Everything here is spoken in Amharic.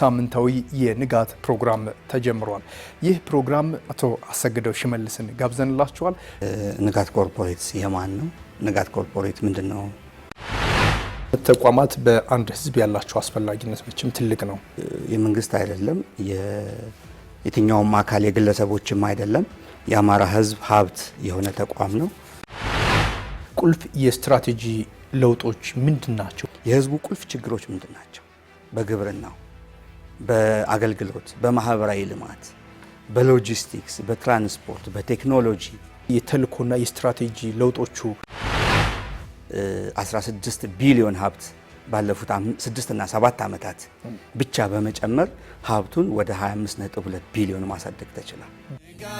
ሳምንታዊ የንጋት ፕሮግራም ተጀምሯል። ይህ ፕሮግራም አቶ አሰግደው ሽመልስን ጋብዘንላችኋል። ንጋት ኮርፖሬት የማን ነው? ንጋት ኮርፖሬት ምንድን ነው? ተቋማት በአንድ ህዝብ ያላቸው አስፈላጊነት መቼም ትልቅ ነው። የመንግስት አይደለም፣ የትኛውም አካል የግለሰቦችም አይደለም። የአማራ ህዝብ ሀብት የሆነ ተቋም ነው። ቁልፍ የስትራቴጂ ለውጦች ምንድን ናቸው? የህዝቡ ቁልፍ ችግሮች ምንድን ናቸው? በግብርናው በአገልግሎት፣ በማህበራዊ ልማት፣ በሎጂስቲክስ፣ በትራንስፖርት፣ በቴክኖሎጂ የተልእኮና የስትራቴጂ ለውጦቹ 16 ቢሊዮን ሀብት ባለፉት 6 እና 7 ዓመታት ብቻ በመጨመር ሀብቱን ወደ 25.2 ቢሊዮን ማሳደግ ተችሏል።